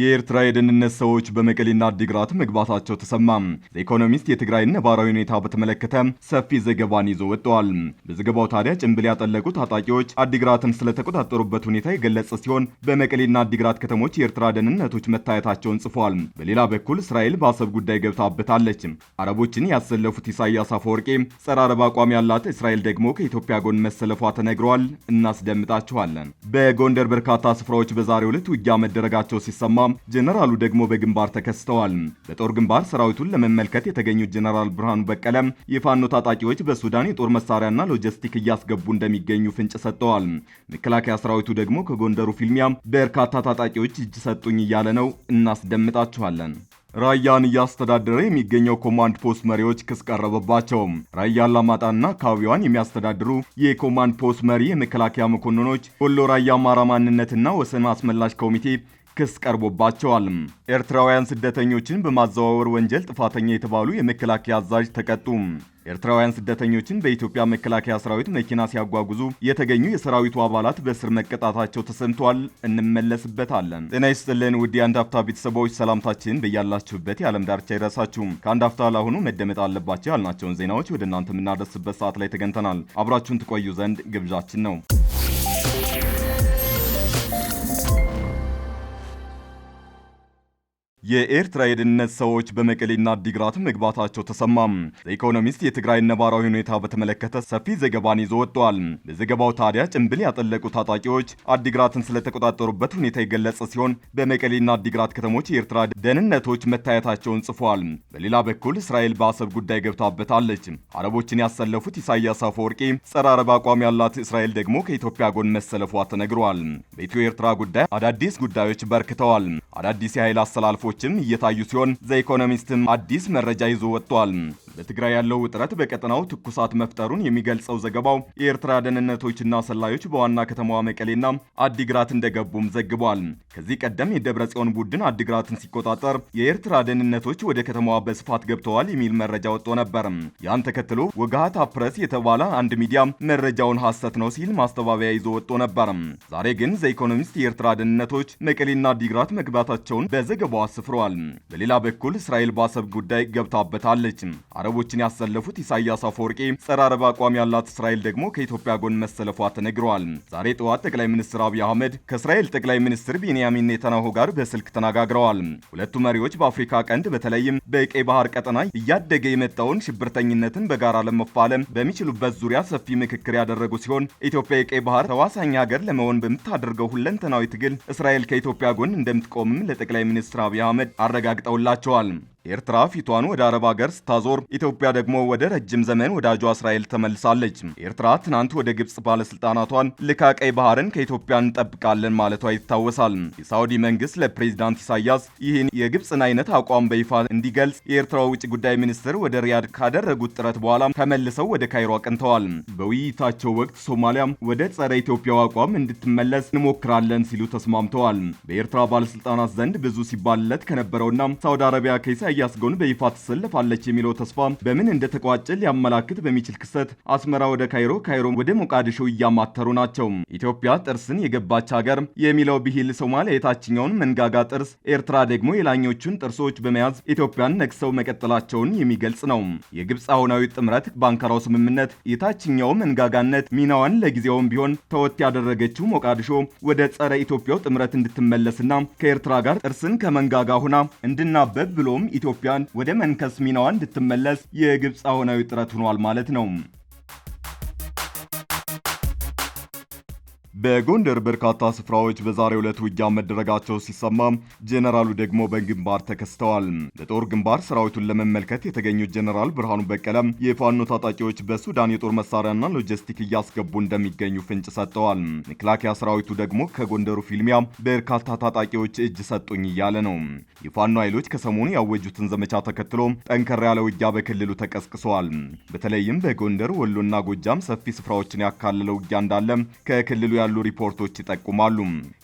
የኤርትራ የደህንነት ሰዎች በመቀሌና አዲግራት መግባታቸው ተሰማ። ኢኮኖሚስት የትግራይን ነባራዊ ሁኔታ በተመለከተ ሰፊ ዘገባን ይዞ ወጥተዋል። በዘገባው ታዲያ ጭንብል ያጠለቁ ታጣቂዎች አዲግራትን ስለተቆጣጠሩበት ሁኔታ የገለጸ ሲሆን በመቀሌና አዲግራት ከተሞች የኤርትራ ደህንነቶች መታየታቸውን ጽፏል። በሌላ በኩል እስራኤል በአሰብ ጉዳይ ገብታበታለች። አረቦችን ያሰለፉት ኢሳያስ አፈወርቄ ጸረ አረብ አቋም ያላት እስራኤል ደግሞ ከኢትዮጵያ ጎን መሰለፏ ተነግረዋል። እናስደምጣችኋለን። በጎንደር በርካታ ስፍራዎች በዛሬው ዕለት ውጊያ መደረጋቸው ሲሰማ ጄኔራሉ ደግሞ በግንባር ተከስተዋል። በጦር ግንባር ሰራዊቱን ለመመልከት የተገኙት ጄኔራል ብርሃኑ በቀለም የፋኖ ታጣቂዎች በሱዳን የጦር መሳሪያና ሎጂስቲክ እያስገቡ እንደሚገኙ ፍንጭ ሰጥተዋል። መከላከያ ሰራዊቱ ደግሞ ከጎንደሩ ፊልሚያ በርካታ ታጣቂዎች እጅ ሰጡኝ እያለ ነው። እናስደምጣችኋለን። ራያን እያስተዳደረ የሚገኘው ኮማንድ ፖስት መሪዎች ክስ ቀረበባቸው። ራያ አላማጣና አካባቢዋን የሚያስተዳድሩ የኮማንድ ፖስት መሪ የመከላከያ መኮንኖች ወሎ ራያ አማራ ማንነትና ወሰን አስመላሽ ኮሚቴ ክስ ቀርቦባቸዋል። ኤርትራውያን ስደተኞችን በማዘዋወር ወንጀል ጥፋተኛ የተባሉ የመከላከያ አዛዥ ተቀጡ። ኤርትራውያን ስደተኞችን በኢትዮጵያ መከላከያ ሰራዊት መኪና ሲያጓጉዙ የተገኙ የሰራዊቱ አባላት በእስር መቀጣታቸው ተሰምቷል። እንመለስበታለን። ጤና ይስጥልን ውድ የአንድ አፍታ ቤተሰቦች፣ ሰላምታችን በያላችሁበት የዓለም ዳርቻ ይድረሳችሁ። ከአንድ አፍታ ለአሁኑ መደመጥ አለባቸው ያልናቸውን ዜናዎች ወደ እናንተ የምናደርስበት ሰዓት ላይ ተገኝተናል። አብራችሁን ትቆዩ ዘንድ ግብዣችን ነው። የኤርትራ የደህንነት ሰዎች በመቀሌና አዲግራት መግባታቸው ተሰማም። ለኢኮኖሚስት የትግራይ ነባራዊ ሁኔታ በተመለከተ ሰፊ ዘገባን ይዞ ወጥቷል። በዘገባው ታዲያ ጭንብል ያጠለቁ ታጣቂዎች አዲግራትን ስለተቆጣጠሩበት ሁኔታ የገለጸ ሲሆን በመቀሌና አዲግራት ከተሞች የኤርትራ ደህንነቶች መታየታቸውን ጽፏል። በሌላ በኩል እስራኤል በአሰብ ጉዳይ ገብታበታለች። አረቦችን ያሰለፉት ኢሳያስ አፈወርቂ ጸረ አረብ አቋም ያላት እስራኤል ደግሞ ከኢትዮጵያ ጎን መሰለፏ ተነግሯል። በኢትዮ ኤርትራ ጉዳይ አዳዲስ ጉዳዮች በርክተዋል። አዳዲስ የኃይል አሰላልፎ መረጃዎችም እየታዩ ሲሆን ኢኮኖሚስትም አዲስ መረጃ ይዞ ወጥቷል። በትግራይ ያለው ውጥረት በቀጠናው ትኩሳት መፍጠሩን የሚገልጸው ዘገባው የኤርትራ ደህንነቶችና ሰላዮች በዋና ከተማዋ መቀሌና አዲግራት እንደገቡም ዘግቧል። ከዚህ ቀደም የደብረ ጽዮን ቡድን አዲግራትን ሲቆጣጠር የኤርትራ ደህንነቶች ወደ ከተማዋ በስፋት ገብተዋል የሚል መረጃ ወጥቶ ነበር። ያን ተከትሎ ወጋሃታ ፕረስ የተባለ አንድ ሚዲያ መረጃውን ሐሰት ነው ሲል ማስተባበያ ይዞ ወጥቶ ነበር። ዛሬ ግን ዘኢኮኖሚስት የኤርትራ ደህንነቶች መቀሌና አዲግራት መግባታቸውን በዘገባው አስፍረዋል። በሌላ በኩል እስራኤል በአሰብ ጉዳይ ገብታበታለች። አረቦችን ያሰለፉት ኢሳያስ አፈወርቂ ጸረ አረብ አቋም ያላት እስራኤል ደግሞ ከኢትዮጵያ ጎን መሰለፏ ተነግረዋል። ዛሬ ጠዋት ጠቅላይ ሚኒስትር አብይ አህመድ ከእስራኤል ጠቅላይ ሚኒስትር ቢንያሚን ኔታንያሁ ጋር በስልክ ተነጋግረዋል። ሁለቱ መሪዎች በአፍሪካ ቀንድ በተለይም በቀይ ባህር ቀጠና እያደገ የመጣውን ሽብርተኝነትን በጋራ ለመፋለም በሚችሉበት ዙሪያ ሰፊ ምክክር ያደረጉ ሲሆን ኢትዮጵያ የቀይ ባህር ተዋሳኝ ሀገር ለመሆን በምታደርገው ሁለንተናዊ ትግል እስራኤል ከኢትዮጵያ ጎን እንደምትቆምም ለጠቅላይ ሚኒስትር አብይ አህመድ አረጋግጠውላቸዋል። ኤርትራ ፊቷን ወደ አረብ ሀገር ስታዞር ኢትዮጵያ ደግሞ ወደ ረጅም ዘመን ወዳጇ እስራኤል ተመልሳለች። ኤርትራ ትናንት ወደ ግብፅ ባለስልጣናቷን ልካ ቀይ ባህርን ከኢትዮጵያ እንጠብቃለን ማለቷ ይታወሳል። የሳውዲ መንግስት ለፕሬዚዳንት ኢሳያስ ይህን የግብፅን አይነት አቋም በይፋ እንዲገልጽ የኤርትራ ውጭ ጉዳይ ሚኒስትር ወደ ሪያድ ካደረጉት ጥረት በኋላ ተመልሰው ወደ ካይሮ አቅንተዋል። በውይይታቸው ወቅት ሶማሊያ ወደ ጸረ ኢትዮጵያው አቋም እንድትመለስ እንሞክራለን ሲሉ ተስማምተዋል። በኤርትራ ባለስልጣናት ዘንድ ብዙ ሲባልለት ከነበረውና ሳውዲ አረቢያ ከኢሳ ኢሳያስ ጎን በይፋ ትሰልፋለች የሚለው ተስፋ በምን እንደተቋጨ ሊያመላክት በሚችል ክስተት አስመራ ወደ ካይሮ፣ ካይሮ ወደ ሞቃዲሾ እያማተሩ ናቸው። ኢትዮጵያ ጥርስን የገባች ሀገር የሚለው ብሂል ሶማሊያ የታችኛውን መንጋጋ ጥርስ፣ ኤርትራ ደግሞ የላኞቹን ጥርሶች በመያዝ ኢትዮጵያን ነክሰው መቀጠላቸውን የሚገልጽ ነው። የግብፅ አሁናዊ ጥምረት በአንካራው ስምምነት የታችኛው መንጋጋነት ሚናዋን ለጊዜውም ቢሆን ተወት ያደረገችው ሞቃዲሾ ወደ ጸረ ኢትዮጵያው ጥምረት እንድትመለስና ከኤርትራ ጋር ጥርስን ከመንጋጋ ሁና እንድናበብ ብሎም ኢትዮጵያን ወደ መንከስ ሚናዋ እንድትመለስ የግብፅ አሁናዊ ጥረት ሆኗል ማለት ነው። በጎንደር በርካታ ስፍራዎች በዛሬ ዕለት ውጊያ መደረጋቸው ሲሰማ፣ ጄኔራሉ ደግሞ በግንባር ተከስተዋል። በጦር ግንባር ሰራዊቱን ለመመልከት የተገኙት ጄኔራል ብርሃኑ በቀለ የፋኖ ታጣቂዎች በሱዳን የጦር መሳሪያና ሎጂስቲክ እያስገቡ እንደሚገኙ ፍንጭ ሰጥተዋል። መከላከያ ሰራዊቱ ደግሞ ከጎንደሩ ፊልሚያ በርካታ ታጣቂዎች እጅ ሰጡኝ እያለ ነው። የፋኖ ኃይሎች ከሰሞኑ ያወጁትን ዘመቻ ተከትሎ ጠንከር ያለ ውጊያ በክልሉ ተቀስቅሰዋል። በተለይም በጎንደር ወሎና ጎጃም ሰፊ ስፍራዎችን ያካለለ ውጊያ እንዳለ ከክልሉ ያሉ ያሉ ሪፖርቶች ይጠቁማሉ።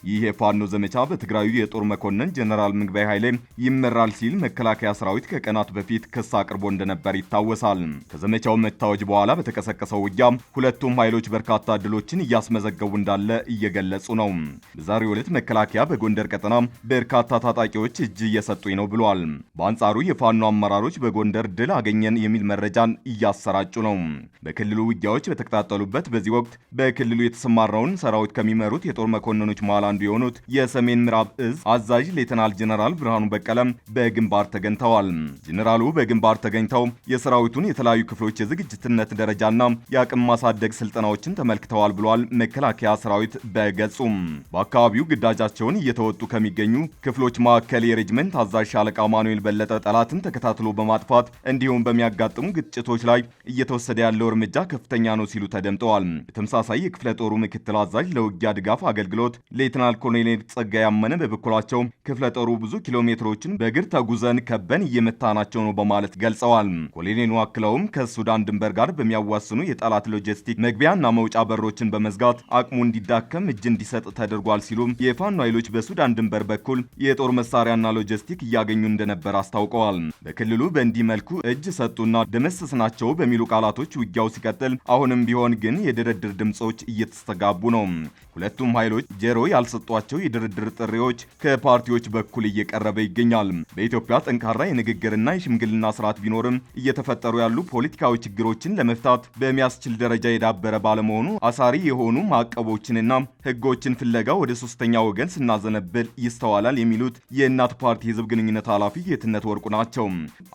ይህ የፋኖ ዘመቻ በትግራዩ የጦር መኮንን ጀነራል ምግባይ ኃይሌ ይመራል ሲል መከላከያ ሰራዊት ከቀናት በፊት ክስ አቅርቦ እንደነበር ይታወሳል። ከዘመቻው መታወጅ በኋላ በተቀሰቀሰው ውጊያ ሁለቱም ኃይሎች በርካታ ድሎችን እያስመዘገቡ እንዳለ እየገለጹ ነው። በዛሬው ዕለት መከላከያ በጎንደር ቀጠና በርካታ ታጣቂዎች እጅ እየሰጡኝ ነው ብሏል። በአንጻሩ የፋኖ አመራሮች በጎንደር ድል አገኘን የሚል መረጃን እያሰራጩ ነው። በክልሉ ውጊያዎች በተቀጣጠሉበት በዚህ ወቅት በክልሉ የተሰማራውን ሰራዊት ከሚመሩት የጦር መኮንኖች መሃል አንዱ የሆኑት የሰሜን ምዕራብ እዝ አዛዥ ሌተናል ጀነራል ብርሃኑ በቀለም በግንባር ተገኝተዋል። ጀነራሉ በግንባር ተገኝተው የሰራዊቱን የተለያዩ ክፍሎች የዝግጅትነት ደረጃና የአቅም ማሳደግ ስልጠናዎችን ተመልክተዋል ብሏል። መከላከያ ሰራዊት በገጹም በአካባቢው ግዳጃቸውን እየተወጡ ከሚገኙ ክፍሎች መካከል የሬጅመንት አዛዥ ሻለቃ ማኑኤል በለጠ ጠላትን ተከታትሎ በማጥፋት እንዲሁም በሚያጋጥሙ ግጭቶች ላይ እየተወሰደ ያለው እርምጃ ከፍተኛ ነው ሲሉ ተደምጠዋል። በተመሳሳይ የክፍለ ጦሩ ምክትል አዛዥ አደራጅ ለውጊያ ድጋፍ አገልግሎት ሌትናል ኮሎኔል ጸጋ ያመነ በበኩላቸው ክፍለ ጦሩ ብዙ ኪሎ ሜትሮችን በእግር ተጉዘን ከበን እየመታናቸው ነው በማለት ገልጸዋል። ኮሎኔሉ አክለውም ከሱዳን ድንበር ጋር በሚያዋስኑ የጠላት ሎጂስቲክ መግቢያና መውጫ በሮችን በመዝጋት አቅሙ እንዲዳከም እጅ እንዲሰጥ ተደርጓል ሲሉ የፋኖ ኃይሎች በሱዳን ድንበር በኩል የጦር መሳሪያና ሎጂስቲክ እያገኙ እንደነበር አስታውቀዋል። በክልሉ በእንዲህ መልኩ እጅ ሰጡና ደመሰስ ናቸው በሚሉ ቃላቶች ውጊያው ሲቀጥል አሁንም ቢሆን ግን የድርድር ድምፆች እየተስተጋቡ ነው። ሁለቱም ኃይሎች ጀሮ ያልሰጧቸው የድርድር ጥሪዎች ከፓርቲዎች በኩል እየቀረበ ይገኛል። በኢትዮጵያ ጠንካራ የንግግርና የሽምግልና ስርዓት ቢኖርም እየተፈጠሩ ያሉ ፖለቲካዊ ችግሮችን ለመፍታት በሚያስችል ደረጃ የዳበረ ባለመሆኑ አሳሪ የሆኑ ማዕቀቦችንና ህጎችን ፍለጋ ወደ ሶስተኛ ወገን ስናዘነብል ይስተዋላል የሚሉት የእናት ፓርቲ ህዝብ ግንኙነት ኃላፊ የትነት ወርቁ ናቸው።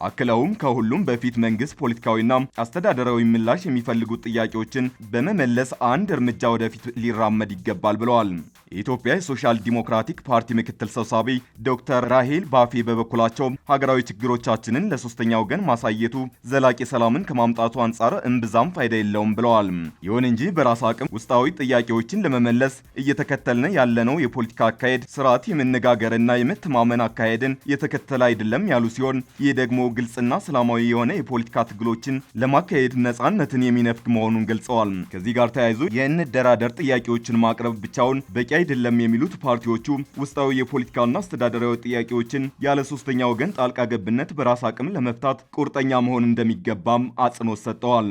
አክለውም ከሁሉም በፊት መንግስት ፖለቲካዊና አስተዳደራዊ ምላሽ የሚፈልጉት ጥያቄዎችን በመመለስ አንድ እርምጃ ወደፊት ሊራ ሊራመድ ይገባል ብለዋል። የኢትዮጵያ የሶሻል ዲሞክራቲክ ፓርቲ ምክትል ሰብሳቢ ዶክተር ራሄል ባፌ በበኩላቸው ሀገራዊ ችግሮቻችንን ለሶስተኛ ወገን ማሳየቱ ዘላቂ ሰላምን ከማምጣቱ አንጻር እምብዛም ፋይዳ የለውም ብለዋል። ይሁን እንጂ በራስ አቅም ውስጣዊ ጥያቄዎችን ለመመለስ እየተከተልን ያለነው የፖለቲካ አካሄድ ስርዓት የመነጋገርና የመተማመን አካሄድን የተከተለ አይደለም ያሉ ሲሆን ይህ ደግሞ ግልጽና ሰላማዊ የሆነ የፖለቲካ ትግሎችን ለማካሄድ ነጻነትን የሚነፍግ መሆኑን ገልጸዋል። ከዚህ ጋር ተያይዞ የእንደራደር ጥያቄዎች ጥያቄዎችን ማቅረብ ብቻውን በቂ አይደለም የሚሉት ፓርቲዎቹ ውስጣዊ የፖለቲካና አስተዳደራዊ ጥያቄዎችን ያለ ሶስተኛ ወገን ጣልቃ ገብነት በራስ አቅም ለመፍታት ቁርጠኛ መሆን እንደሚገባም አጽንኦት ሰጥተዋል።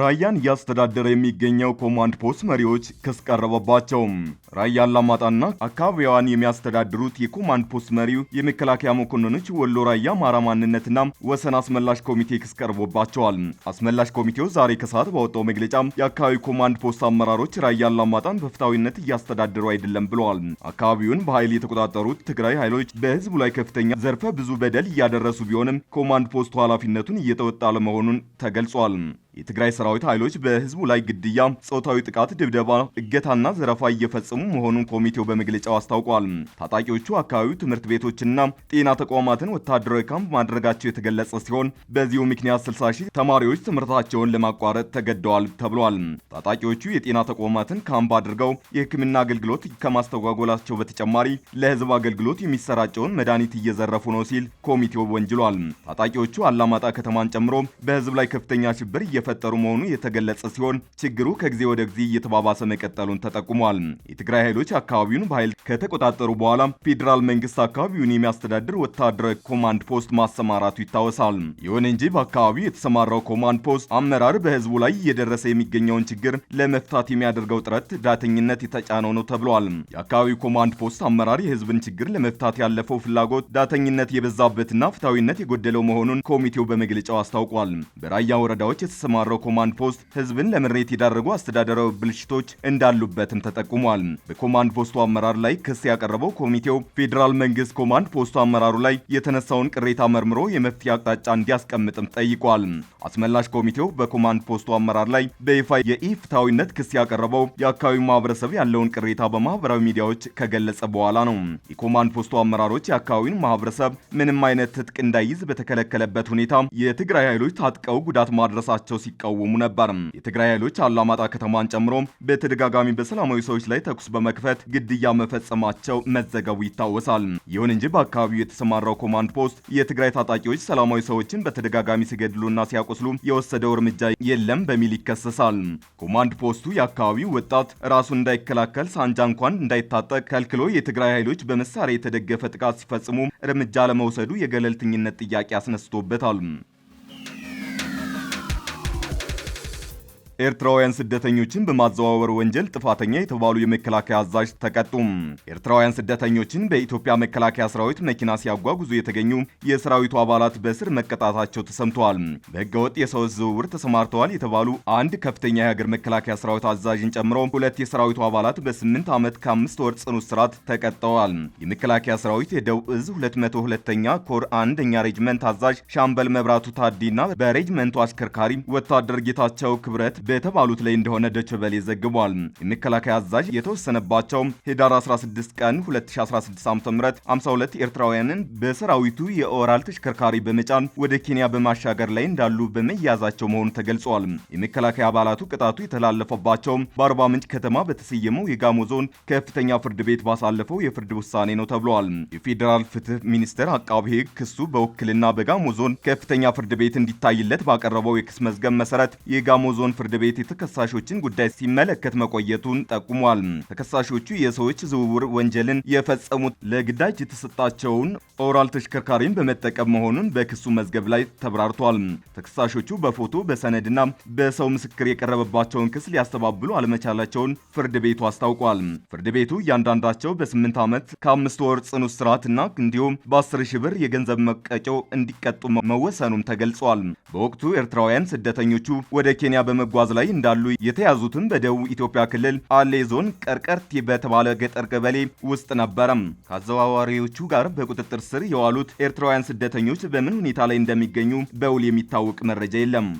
ራያን እያስተዳደረ የሚገኘው ኮማንድ ፖስት መሪዎች ክስ ቀረበባቸው። ራያ አላማጣና አካባቢዋን የሚያስተዳድሩት የኮማንድ ፖስት መሪው የመከላከያ መኮንኖች ወሎ ራያ አማራ ማንነትና ወሰን አስመላሽ ኮሚቴ ክስ ቀርቦባቸዋል። አስመላሽ ኮሚቴው ዛሬ ከሰዓት ባወጣው መግለጫ የአካባቢው ኮማንድ ፖስት አመራሮች ራያ አላማጣን በፍታዊነት እያስተዳደሩ አይደለም ብለዋል። አካባቢውን በኃይል የተቆጣጠሩት ትግራይ ኃይሎች በህዝቡ ላይ ከፍተኛ ዘርፈ ብዙ በደል እያደረሱ ቢሆንም ኮማንድ ፖስቱ ኃላፊነቱን እየተወጣ ለመሆኑን ተገልጿል። የትግራይ ሰራዊት ኃይሎች በህዝቡ ላይ ግድያ፣ ጾታዊ ጥቃት፣ ድብደባ፣ እገታና ዘረፋ እየፈጸሙ መሆኑን ኮሚቴው በመግለጫው አስታውቋል። ታጣቂዎቹ አካባቢው ትምህርት ቤቶችና ጤና ተቋማትን ወታደራዊ ካምፕ ማድረጋቸው የተገለጸ ሲሆን በዚሁ ምክንያት 60 ሺህ ተማሪዎች ትምህርታቸውን ለማቋረጥ ተገደዋል ተብሏል። ታጣቂዎቹ የጤና ተቋማትን ካምፕ አድርገው የህክምና አገልግሎት ከማስተጓጎላቸው በተጨማሪ ለህዝብ አገልግሎት የሚሰራጨውን መድኃኒት እየዘረፉ ነው ሲል ኮሚቴው ወንጅሏል። ታጣቂዎቹ አላማጣ ከተማን ጨምሮ በህዝብ ላይ ከፍተኛ ሽብር እየፈጠሩ መሆኑ የተገለጸ ሲሆን ችግሩ ከጊዜ ወደ ጊዜ እየተባባሰ መቀጠሉን ተጠቁሟል። የትግራይ ኃይሎች አካባቢውን በኃይል ከተቆጣጠሩ በኋላ ፌዴራል መንግስት አካባቢውን የሚያስተዳድር ወታደራዊ ኮማንድ ፖስት ማሰማራቱ ይታወሳል። ይሁን እንጂ በአካባቢው የተሰማራው ኮማንድ ፖስት አመራር በህዝቡ ላይ እየደረሰ የሚገኘውን ችግር ለመፍታት የሚያደርገው ጥረት ዳተኝነት የተጫነው ነው ተብሏል። የአካባቢው ኮማንድ ፖስት አመራር የህዝብን ችግር ለመፍታት ያለፈው ፍላጎት ዳተኝነት የበዛበትና ፍትሐዊነት የጎደለው መሆኑን ኮሚቴው በመግለጫው አስታውቋል። በራያ ወረዳዎች የተሰማ ያሰማራው ኮማንድ ፖስት ህዝብን ለምሬት የዳረጉ አስተዳደራዊ ብልሽቶች እንዳሉበትም ተጠቁሟል። በኮማንድ ፖስቱ አመራር ላይ ክስ ያቀረበው ኮሚቴው ፌዴራል መንግስት ኮማንድ ፖስቱ አመራሩ ላይ የተነሳውን ቅሬታ መርምሮ የመፍትሄ አቅጣጫ እንዲያስቀምጥም ጠይቋል። አስመላሽ ኮሚቴው በኮማንድ ፖስቱ አመራር ላይ በይፋ የኢፍታዊነት ክስ ያቀረበው የአካባቢው ማህበረሰብ ያለውን ቅሬታ በማህበራዊ ሚዲያዎች ከገለጸ በኋላ ነው። የኮማንድ ፖስቱ አመራሮች የአካባቢውን ማህበረሰብ ምንም አይነት ትጥቅ እንዳይዝ በተከለከለበት ሁኔታ የትግራይ ኃይሎች ታጥቀው ጉዳት ማድረሳቸው ሲቃወሙ ነበር። የትግራይ ኃይሎች አላማጣ ከተማን ጨምሮ በተደጋጋሚ በሰላማዊ ሰዎች ላይ ተኩስ በመክፈት ግድያ መፈጸማቸው መዘገቡ ይታወሳል። ይሁን እንጂ በአካባቢው የተሰማራው ኮማንድ ፖስት የትግራይ ታጣቂዎች ሰላማዊ ሰዎችን በተደጋጋሚ ሲገድሉና ሲያቆስሉ የወሰደው እርምጃ የለም በሚል ይከሰሳል። ኮማንድ ፖስቱ የአካባቢው ወጣት ራሱን እንዳይከላከል ሳንጃ እንኳን እንዳይታጠቅ ከልክሎ የትግራይ ኃይሎች በመሳሪያ የተደገፈ ጥቃት ሲፈጽሙ እርምጃ ለመውሰዱ የገለልተኝነት ጥያቄ አስነስቶበታል። ኤርትራውያን ስደተኞችን በማዘዋወር ወንጀል ጥፋተኛ የተባሉ የመከላከያ አዛዥ ተቀጡ። ኤርትራውያን ስደተኞችን በኢትዮጵያ መከላከያ ሰራዊት መኪና ሲያጓጉዙ የተገኙ የሰራዊቱ አባላት በስር መቀጣታቸው ተሰምተዋል። በህገወጥ የሰው ዝውውር ተሰማርተዋል የተባሉ አንድ ከፍተኛ የሀገር መከላከያ ሰራዊት አዛዥን ጨምሮ ሁለት የሰራዊቱ አባላት በስምንት ዓመት ከአምስት ወር ጽኑ እስራት ተቀጠዋል። የመከላከያ ሰራዊት የደቡብ እዝ 202ኛ ኮር አንደኛ ሬጅመንት አዛዥ ሻምበል መብራቱ ታዲና በሬጅመንቱ አሽከርካሪ ወታደር ጌታቸው ክብረት በተባሉት ላይ እንደሆነ ደችበሌ ዘግቧል። የመከላከያ አዛዥ የተወሰነባቸው ሄዳር 16 ቀን 2016 ዓ ም 52 ኤርትራውያንን በሰራዊቱ የኦራል ተሽከርካሪ በመጫን ወደ ኬንያ በማሻገር ላይ እንዳሉ በመያዛቸው መሆኑ ተገልጿል። የመከላከያ አባላቱ ቅጣቱ የተላለፈባቸው በአርባ ምንጭ ከተማ በተሰየመው የጋሞ ዞን ከፍተኛ ፍርድ ቤት ባሳለፈው የፍርድ ውሳኔ ነው ተብሏል። የፌዴራል ፍትህ ሚኒስቴር አቃቢ ህግ ክሱ በውክልና በጋሞ ዞን ከፍተኛ ፍርድ ቤት እንዲታይለት ባቀረበው የክስ መዝገብ መሰረት የጋሞ ዞን ፍርድ ቤት የተከሳሾችን ጉዳይ ሲመለከት መቆየቱን ጠቁሟል። ተከሳሾቹ የሰዎች ዝውውር ወንጀልን የፈጸሙት ለግዳጅ የተሰጣቸውን ኦራል ተሽከርካሪን በመጠቀም መሆኑን በክሱ መዝገብ ላይ ተብራርቷል። ተከሳሾቹ በፎቶ በሰነድና በሰው ምስክር የቀረበባቸውን ክስ ሊያስተባብሉ አለመቻላቸውን ፍርድ ቤቱ አስታውቋል። ፍርድ ቤቱ እያንዳንዳቸው በስምንት ዓመት ከአምስት ወር ጽኑ እስራትና እንዲሁም በአስር ሺህ ብር የገንዘብ መቀጮ እንዲቀጡ መወሰኑም ተገልጿል። በወቅቱ ኤርትራውያን ስደተኞቹ ወደ ኬንያ በመጓዝ በመጓዝ ላይ እንዳሉ የተያዙትን በደቡብ ኢትዮጵያ ክልል አሌ ዞን ቀርቀርቲ በተባለ ገጠር ቀበሌ ውስጥ ነበረም። ከአዘዋዋሪዎቹ ጋር በቁጥጥር ስር የዋሉት ኤርትራውያን ስደተኞች በምን ሁኔታ ላይ እንደሚገኙ በውል የሚታወቅ መረጃ የለም።